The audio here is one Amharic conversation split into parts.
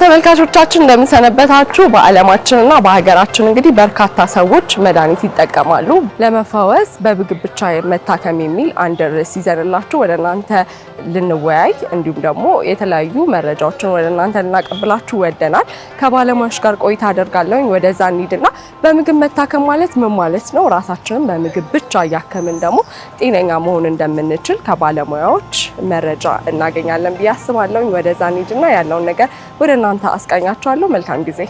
ሰላም ተመልካቾቻችን እንደምንሰነበታችሁ። በዓለማችንና በሀገራችን እንግዲህ በርካታ ሰዎች መድኃኒት ይጠቀማሉ። ለመፈወስ በምግብ ብቻ መታከም የሚል አንድ ርዕስ ይዘንላችሁ ወደ እናንተ ልንወያይ እንዲሁም ደግሞ የተለያዩ መረጃዎችን ወደ እናንተ ልናቀብላችሁ ወደናል። ከባለሙያዎች ጋር ቆይታ አደርጋለሁ። ወደዛ እንሂድና በምግብ መታከም ማለት ምን ማለት ነው፣ ራሳችንን በምግብ ብቻ እያከምን ደግሞ ጤነኛ መሆን እንደምንችል ከባለሙያዎች መረጃ እናገኛለን ብዬ አስባለሁ። ወደዛ እንሂድና ያለውን ነገር ወደ ለእናንተ አስቃኛችኋለሁ። መልካም ጊዜ።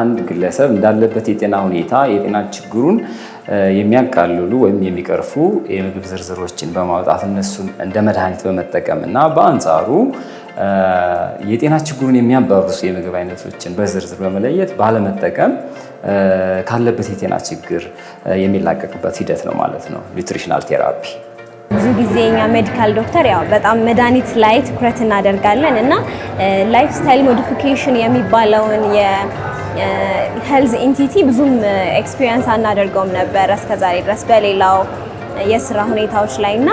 አንድ ግለሰብ እንዳለበት የጤና ሁኔታ የጤና ችግሩን የሚያቃልሉ ወይም የሚቀርፉ የምግብ ዝርዝሮችን በማውጣት እነሱን እንደ መድኃኒት በመጠቀም እና በአንጻሩ የጤና ችግሩን የሚያባብሱ የምግብ አይነቶችን በዝርዝር በመለየት ባለመጠቀም ካለበት የጤና ችግር የሚላቀቅበት ሂደት ነው ማለት ነው ኒውትሪሽናል ቴራፒ። ብዙ ጊዜ እኛ ሜዲካል ዶክተር ያው በጣም መድኃኒት ላይ ትኩረት እናደርጋለን እና ላይፍ ስታይል ሞዲፊኬሽን የሚባለውን የሄልዝ ኢንቲቲ ብዙም ኤክስፒሪየንስ አናደርገውም ነበር እስከዛሬ ድረስ በሌላው የስራ ሁኔታዎች ላይ እና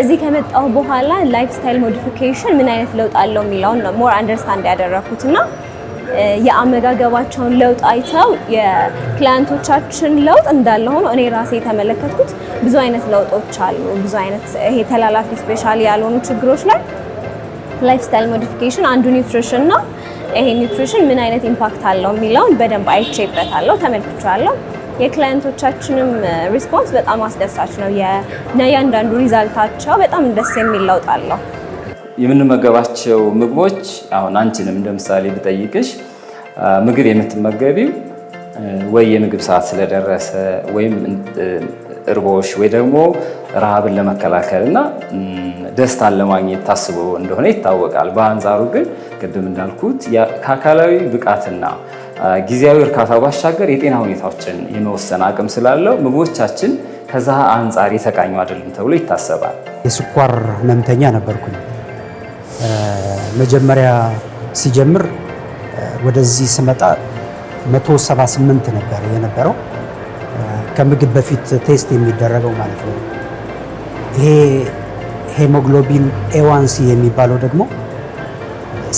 እዚህ ከመጣሁ በኋላ ላይፍ ስታይል ሞዲፊኬሽን ምን አይነት ለውጥ አለው የሚለውን ሞር አንደርስታንድ ያደረኩት እና የአመጋገባቸውን ለውጥ አይተው የክላየንቶቻችን ለውጥ እንዳለ ሆኖ እኔ ራሴ የተመለከትኩት ብዙ አይነት ለውጦች አሉ። ብዙ አይነት ይሄ ተላላፊ ስፔሻሊ ያልሆኑ ችግሮች ላይ ላይፍ ስታይል ሞዲፊኬሽን አንዱ ኒውትሪሽን ነው። ይሄ ኒውትሪሽን ምን አይነት ኢምፓክት አለው የሚለውን በደንብ አይቼበታለሁ፣ ተመልክቻለሁ። የክላየንቶቻችንም ሪስፖንስ በጣም አስደሳች ነው። የእያንዳንዱ ሪዛልታቸው በጣም ደስ የሚል ለውጥ አለው። የምንመገባቸው ምግቦች አሁን አንቺንም እንደምሳሌ ብጠይቅሽ ምግብ የምትመገቢው ወይ የምግብ ሰዓት ስለደረሰ ወይም እርቦሽ ወይ ደግሞ ረሃብን ለመከላከል እና ደስታን ለማግኘት ታስቦ እንደሆነ ይታወቃል። በአንጻሩ ግን ቅድም እንዳልኩት ከአካላዊ ብቃትና ጊዜያዊ እርካታ ባሻገር የጤና ሁኔታዎችን የመወሰን አቅም ስላለው ምግቦቻችን ከዛ አንጻር የተቃኙ አይደለም ተብሎ ይታሰባል። የስኳር ህመምተኛ ነበርኩኝ። መጀመሪያ ሲጀምር ወደዚህ ስመጣ 178 ነበር የነበረው ከምግብ በፊት ቴስት የሚደረገው ማለት ነው። ይሄ ሄሞግሎቢን ኤዋንሲ የሚባለው ደግሞ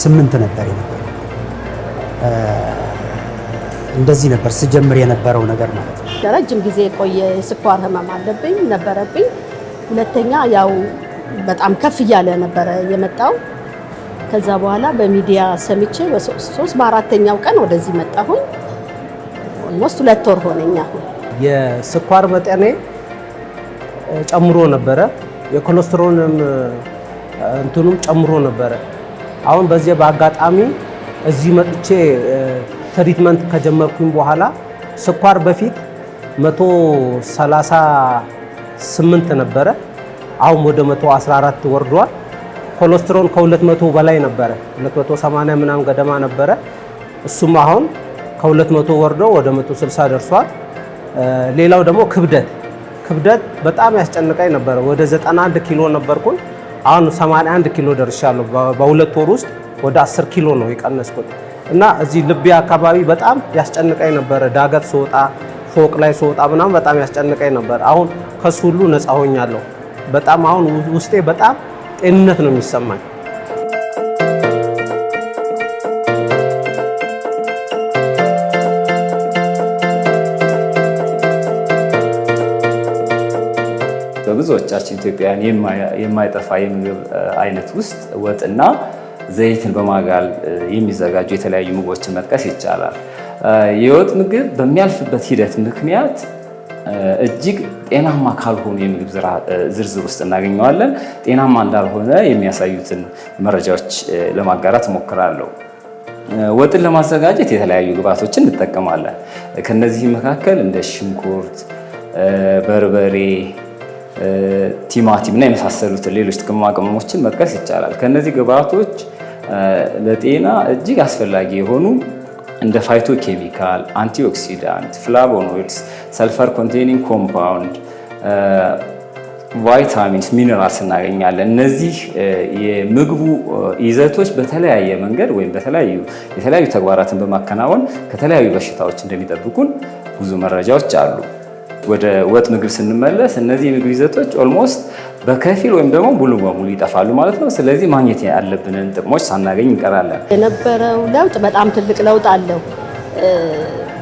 ስምንት ነበር የነበረው። እንደዚህ ነበር ስጀምር የነበረው ነገር ማለት ነው። ለረጅም ጊዜ የቆየ የስኳር ህመም አለብኝ ነበረብኝ። ሁለተኛ ያው በጣም ከፍ እያለ ነበረ የመጣው ከዛ በኋላ በሚዲያ ሰምቼ በሶስት በአራተኛው ቀን ወደዚህ መጣሁኝ። ኦልሞስት ሁለት ወር ሆነኝ። አሁን የስኳር መጠኔ ጨምሮ ነበረ፣ የኮሌስትሮልም እንትኑም ጨምሮ ነበረ። አሁን በዚህ በአጋጣሚ እዚህ መጥቼ ትሪትመንት ከጀመርኩኝ በኋላ ስኳር በፊት 138 ነበረ፣ አሁን ወደ 114 ወርዷል። ኮሌስትሮል ከ200 በላይ ነበረ፣ 280 ምናምን ገደማ ነበረ። እሱም አሁን ከ200 ወርዶ ወደ 160 ደርሷል። ሌላው ደግሞ ክብደት ክብደት በጣም ያስጨንቀኝ ነበረ። ወደ 91 ኪሎ ነበርኩኝ። አሁን 81 ኪሎ ደርሻለሁ። በሁለት ወር ውስጥ ወደ 10 ኪሎ ነው የቀነስኩት እና እዚህ ልቤ አካባቢ በጣም ያስጨንቀኝ ነበረ። ዳገት ስወጣ፣ ፎቅ ላይ ስወጣ ምናምን በጣም ያስጨንቀኝ ነበር። አሁን ከሱ ሁሉ ነፃ ሆኛለሁ። በጣም አሁን ውስጤ በጣም ጤንነት ነው የሚሰማኝ። በብዙዎቻችን ኢትዮጵያውያን የማይጠፋ የምግብ አይነት ውስጥ ወጥና ዘይትን በማጋል የሚዘጋጁ የተለያዩ ምግቦችን መጥቀስ ይቻላል። የወጥ ምግብ በሚያልፍበት ሂደት ምክንያት እጅግ ጤናማ ካልሆኑ የምግብ ዝርዝር ውስጥ እናገኘዋለን። ጤናማ እንዳልሆነ የሚያሳዩትን መረጃዎች ለማጋራት እሞክራለሁ። ወጥን ለማዘጋጀት የተለያዩ ግብዓቶችን እንጠቀማለን። ከነዚህ መካከል እንደ ሽንኩርት፣ በርበሬ፣ ቲማቲም እና የመሳሰሉትን ሌሎች ቅመማ ቅመሞችን መጥቀስ ይቻላል። ከነዚህ ግብዓቶች ለጤና እጅግ አስፈላጊ የሆኑ እንደ ፋይቶ ኬሚካል፣ አንቲኦክሲዳንት፣ ፍላቮኖይድስ፣ ሰልፈር ኮንቴኒንግ ኮምፓውንድ፣ ቫይታሚንስ፣ ሚነራልስ እናገኛለን። እነዚህ uh, የምግቡ uh, ይዘቶች በተለያየ መንገድ ወይም የተለያዩ ተግባራትን በማከናወን ከተለያዩ በሽታዎች እንደሚጠብቁን ብዙ መረጃዎች አሉ። ወደ ወጥ ምግብ ስንመለስ እነዚህ የምግብ ይዘቶች ኦልሞስት በከፊል ወይም ደግሞ ሙሉ በሙሉ ይጠፋሉ ማለት ነው። ስለዚህ ማግኘት ያለብንን ጥቅሞች ሳናገኝ እንቀራለን። የነበረው ለውጥ በጣም ትልቅ ለውጥ አለው።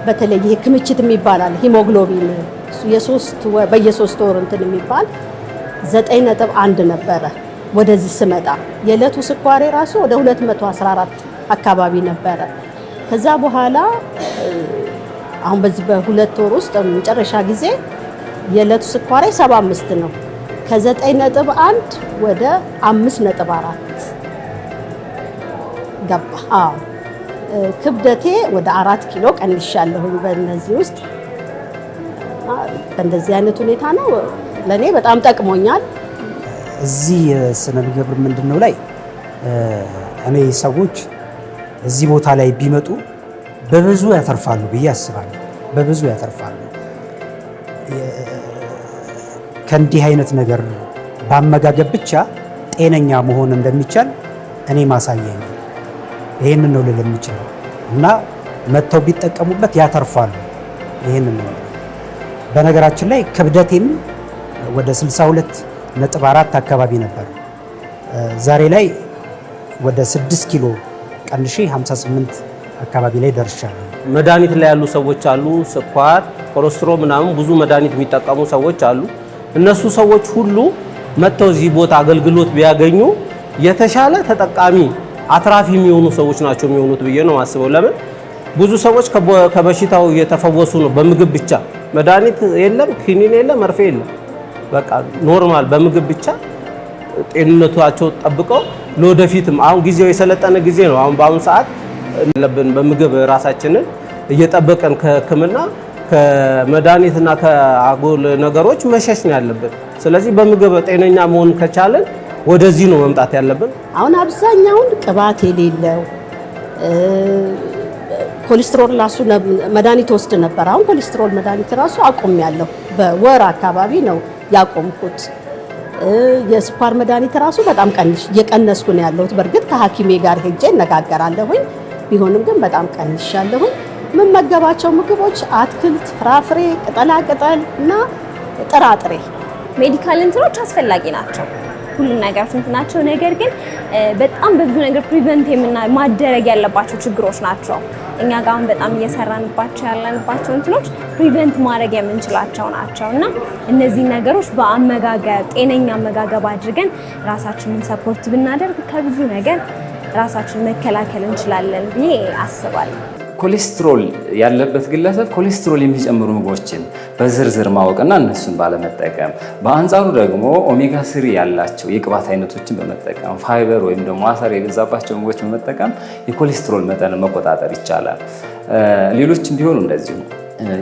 በተለይ ይህ ክምችት የሚባላል ሂሞግሎቢን በየሶስት ወር እንትን የሚባል ዘጠኝ ነጥብ አንድ ነበረ። ወደዚህ ስመጣ የዕለቱ ስኳሬ ራሱ ወደ 214 አካባቢ ነበረ። ከዛ በኋላ አሁን በዚህ በሁለት ወር ውስጥ መጨረሻ ጊዜ የዕለቱ ስኳሬ 75 ነው። ከ9.1 ወደ 5.4 ገባ። አዎ ክብደቴ ወደ አራት ኪሎ ቀንሻለሁኝ። በእነዚህ ውስጥ በእንደዚህ አይነት ሁኔታ ነው ለእኔ በጣም ጠቅሞኛል። እዚህ የሥነ ምግብር ምንድን ነው ላይ እኔ ሰዎች እዚህ ቦታ ላይ ቢመጡ በብዙ ያተርፋሉ ብዬ አስባለሁ። በብዙ ያተርፋሉ። ከእንዲህ አይነት ነገር በአመጋገብ ብቻ ጤነኛ መሆን እንደሚቻል እኔ ማሳየኝ ይህንን ነው ልል የምችለው እና መጥተው ቢጠቀሙበት ያተርፋሉ። ይህንን ነው። በነገራችን ላይ ክብደቴም ወደ 62 ነጥብ አራት አካባቢ ነበር። ዛሬ ላይ ወደ 6 ኪሎ ቀንሼ 58 አካባቢ ላይ ደርሻለሁ። መድኃኒት ላይ ያሉ ሰዎች አሉ፣ ስኳር ኮሌስትሮል ምናምን ብዙ መድኃኒት የሚጠቀሙ ሰዎች አሉ። እነሱ ሰዎች ሁሉ መጥተው እዚህ ቦታ አገልግሎት ቢያገኙ የተሻለ ተጠቃሚ አትራፊ የሚሆኑ ሰዎች ናቸው የሚሆኑት ብዬ ነው ማስበው። ለምን ብዙ ሰዎች ከበሽታው እየተፈወሱ ነው በምግብ ብቻ። መድኃኒት የለም፣ ክኒን የለም፣ መርፌ የለም። በቃ ኖርማል በምግብ ብቻ ጤንነታቸው ጠብቀው ለወደፊትም አሁን ጊዜው የሰለጠነ ጊዜ ነው። አሁን በአሁኑ ሰዓት ለብን በምግብ ራሳችንን እየጠበቀን ከህክምና ። ከመድኃኒትና ከአጉል ነገሮች መሸሽ ነው ያለብን። ስለዚህ በምግብ ጤነኛ መሆን ከቻለን ወደዚህ ነው መምጣት ያለብን። አሁን አብዛኛውን ቅባት የሌለው ኮሌስትሮል ራሱ መድኃኒት ወስድ ነበር። አሁን ኮሌስትሮል መድኃኒት ራሱ አቁም ያለው በወር አካባቢ ነው ያቆምኩት። የስኳር መድኃኒት ራሱ በጣም ቀንሽ እየቀነስኩ ነው ያለሁት። በእርግጥ ከሐኪሜ ጋር ሄጄ እነጋገራለሁኝ። ቢሆንም ግን በጣም ቀንሽ ያለሁኝ። የምመገባቸው ምግቦች አትክልት፣ ፍራፍሬ፣ ቅጠላቅጠል እና ጥራጥሬ ሜዲካል እንትኖች አስፈላጊ ናቸው። ሁሉም ነገሮች እንትናቸው ነገር ግን በጣም በብዙ ነገር ፕሪቨንት የምና ማደረግ ያለባቸው ችግሮች ናቸው። እኛ ጋር አሁን በጣም እየሰራንባቸው ያለንባቸው እንትኖች ፕሪቨንት ማድረግ የምንችላቸው ናቸው እና እነዚህ ነገሮች በአመጋገብ ጤነኛ አመጋገብ አድርገን ራሳችንን ሰፖርት ብናደርግ ከብዙ ነገር ራሳችንን መከላከል እንችላለን ብዬ አስባለሁ። ኮሌስትሮል ያለበት ግለሰብ ኮሌስትሮል የሚጨምሩ ምግቦችን በዝርዝር ማወቅና እነሱን ባለመጠቀም፣ በአንጻሩ ደግሞ ኦሜጋ ስሪ ያላቸው የቅባት አይነቶችን በመጠቀም ፋይበር ወይም ደግሞ አሰር የበዛባቸው ምግቦች በመጠቀም የኮሌስትሮል መጠን መቆጣጠር ይቻላል። ሌሎችም ቢሆኑ እንደዚሁ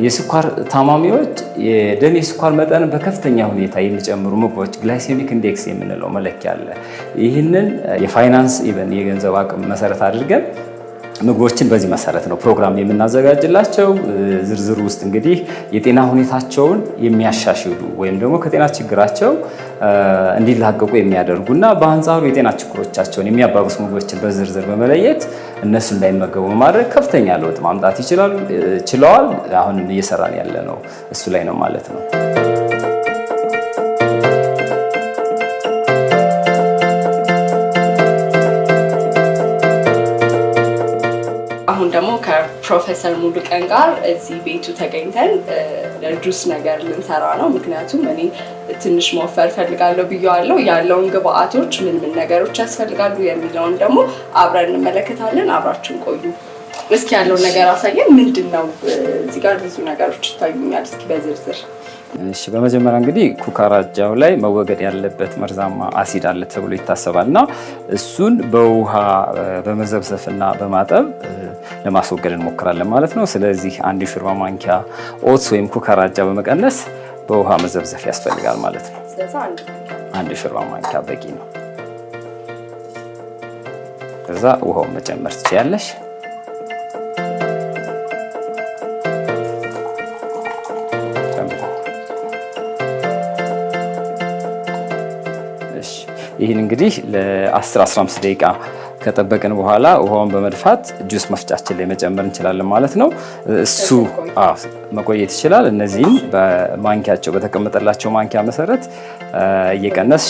የስኳር ታማሚዎች የደም የስኳር መጠንን በከፍተኛ ሁኔታ የሚጨምሩ ምግቦች ግላይሴሚክ ኢንዴክስ የምንለው መለኪያ አለ። ይህንን የፋይናንስ ኢቨን የገንዘብ አቅም መሰረት አድርገን ምግቦችን በዚህ መሰረት ነው ፕሮግራም የምናዘጋጅላቸው። ዝርዝር ውስጥ እንግዲህ የጤና ሁኔታቸውን የሚያሻሽሉ ወይም ደግሞ ከጤና ችግራቸው እንዲላቀቁ የሚያደርጉና በአንጻሩ የጤና ችግሮቻቸውን የሚያባብሱ ምግቦችን በዝርዝር በመለየት እነሱ እንዳይመገቡ በማድረግ ከፍተኛ ለውጥ ማምጣት ይችላሉ ችለዋል። አሁንም እየሰራን ያለ ነው እሱ ላይ ነው ማለት ነው። ፕሮፌሰር ሙሉቀን ጋር እዚህ ቤቱ ተገኝተን ለጁስ ነገር ልንሰራ ነው። ምክንያቱም እኔ ትንሽ መወፈር ፈልጋለሁ ብዬዋለሁ። ያለውን ግብአቶች ምን ምን ነገሮች ያስፈልጋሉ የሚለውን ደግሞ አብረን እንመለከታለን። አብራችን ቆዩ። እስኪ ያለውን ነገር አሳየን። ምንድን ነው እዚህ ጋር ብዙ ነገሮች ይታዩኛል። እስኪ በዝርዝር እሺ በመጀመሪያ እንግዲህ ኩካራጃው ላይ መወገድ ያለበት መርዛማ አሲድ አለ ተብሎ ይታሰባል እና እሱን በውሃ በመዘብዘፍና በማጠብ ለማስወገድ እንሞክራለን ማለት ነው። ስለዚህ አንድ ሹርባ ማንኪያ ኦትስ ወይም ኩካራጃ በመቀነስ በውሃ መዘብዘፍ ያስፈልጋል ማለት ነው። አንድ ሹርባ ማንኪያ በቂ ነው። ከዛ ውሃውን መጨመር ትችያለሽ። ይህን እንግዲህ ለ10-15 ደቂቃ ከጠበቅን በኋላ ውሃውን በመድፋት ጁስ መፍጫችን ላይ መጨመር እንችላለን ማለት ነው። እሱ መቆየት ይችላል። እነዚህም በማንኪያቸው በተቀመጠላቸው ማንኪያ መሰረት እየቀነስ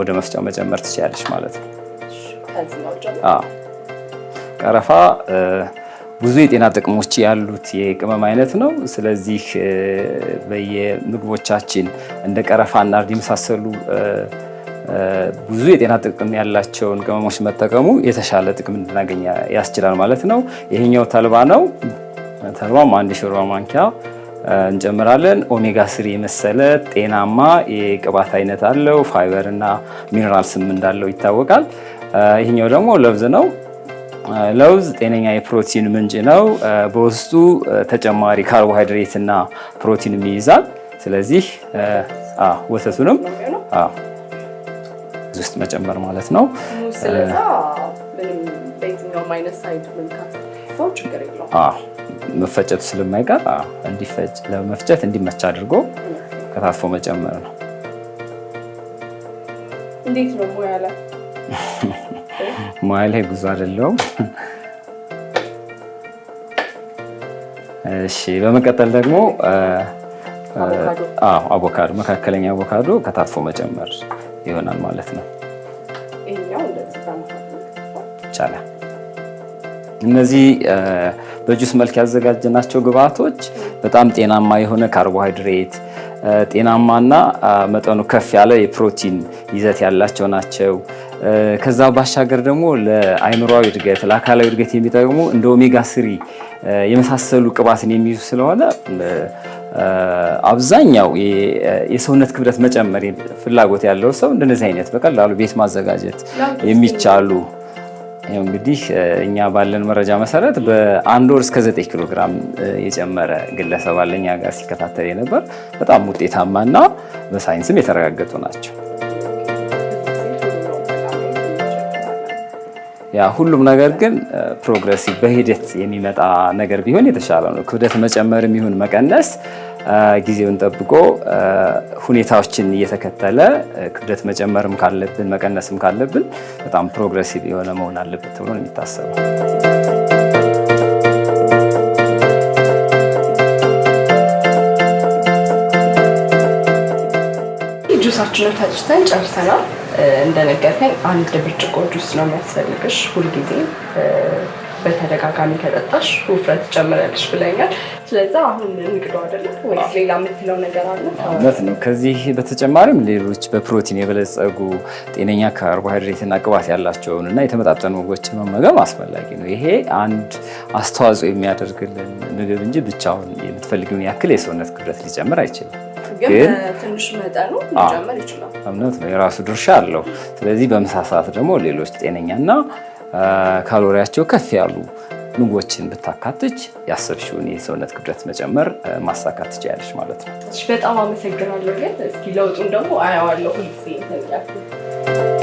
ወደ መፍጫው መጨመር ትችላለች ማለት ነው። ቀረፋ ብዙ የጤና ጥቅሞች ያሉት የቅመም አይነት ነው። ስለዚህ በየምግቦቻችን እንደ ቀረፋና እርድ የመሳሰሉ ብዙ የጤና ጥቅም ያላቸውን ቅመሞች መጠቀሙ የተሻለ ጥቅም እንድናገኝ ያስችላል ማለት ነው። ይሄኛው ተልባ ነው። ተልባም አንድ ሾርባ ማንኪያ እንጨምራለን። ኦሜጋ ስሪ የመሰለ ጤናማ የቅባት አይነት አለው። ፋይበር እና ሚኔራል ስም እንዳለው ይታወቃል። ይህኛው ደግሞ ለውዝ ነው። ለውዝ ጤነኛ የፕሮቲን ምንጭ ነው። በውስጡ ተጨማሪ ካርቦሃይድሬት እና ፕሮቲንም ይይዛል። ስለዚህ ወተቱንም ውስጥ መጨመር ማለት ነው። መፈጨቱ ስለማይቀር እንዲፈጭ ለመፍጨት እንዲመች አድርጎ ከታትፎ መጨመር ነው። እንዴት ነው ሙያ ላይ ሙያ ላይ ጉዞ አይደለውም። እሺ በመቀጠል ደግሞ አቮካዶ መካከለኛ አቮካዶ ከታትፎ መጨመር ይሆናል ማለት ነው። ይቻላል። እነዚህ በጁስ መልክ ያዘጋጀናቸው ግብአቶች በጣም ጤናማ የሆነ ካርቦሃይድሬት፣ ጤናማና መጠኑ ከፍ ያለ የፕሮቲን ይዘት ያላቸው ናቸው። ከዛ ባሻገር ደግሞ ለአይምሯዊ እድገት ለአካላዊ እድገት የሚጠቅሙ እንደ ኦሜጋ ስሪ የመሳሰሉ ቅባትን የሚይዙ ስለሆነ አብዛኛው የሰውነት ክብደት መጨመር ፍላጎት ያለው ሰው እንደነዚህ አይነት በቀላሉ ቤት ማዘጋጀት የሚቻሉ እንግዲህ እኛ ባለን መረጃ መሰረት በአንድ ወር እስከ 9 ኪሎ ግራም የጨመረ ግለሰብ አለ እኛ ጋር ሲከታተል የነበር በጣም ውጤታማና በሳይንስም የተረጋገጡ ናቸው። ያ ሁሉም ነገር ግን ፕሮግረሲቭ በሂደት የሚመጣ ነገር ቢሆን የተሻለ ነው። ክብደት መጨመርም ይሁን መቀነስ ጊዜውን ጠብቆ ሁኔታዎችን እየተከተለ ክብደት መጨመርም ካለብን መቀነስም ካለብን በጣም ፕሮግረሲቭ የሆነ መሆን አለበት ተብሎ ነው የሚታሰበው። ጁሳችንን ፈጭተን ጨርሰናል። እንደነገርከኝ አንድ ብርጭቆ ጁስ ነው የሚያስፈልግሽ ሁልጊዜ በተደጋጋሚ ከጠጣሽ ውፍረት ጨምረልሽ ብለኛል። ስለዚ አሁን እንግዶ አደለም ወይስ ሌላ የምትለው ነገር አለ? እውነት ነው። ከዚህ በተጨማሪም ሌሎች በፕሮቲን የበለጸጉ ጤነኛ ካርቦሃይድሬት እና ቅባት ያላቸውን እና የተመጣጠኑ ምግቦችን መመገብ አስፈላጊ ነው። ይሄ አንድ አስተዋጽኦ የሚያደርግልን ምግብ እንጂ ብቻውን የምትፈልግን ያክል የሰውነት ክብደት ሊጨምር አይችልም። ግን ትንሽ መጠኑ መጨመር ይችላል። እምነት ነው የራሱ ድርሻ አለው። ስለዚህ በምሳ ሰዓት ደግሞ ሌሎች ጤነኛና ካሎሪያቸው ከፍ ያሉ ምግቦችን ብታካትች ያሰብሽውን የሰውነት ክብደት መጨመር ማሳካት ትችያለሽ ማለት ነው። በጣም አመሰግናለሁ። ግን እስኪ ለውጡን ደግሞ አያዋለሁ ሁልጊዜ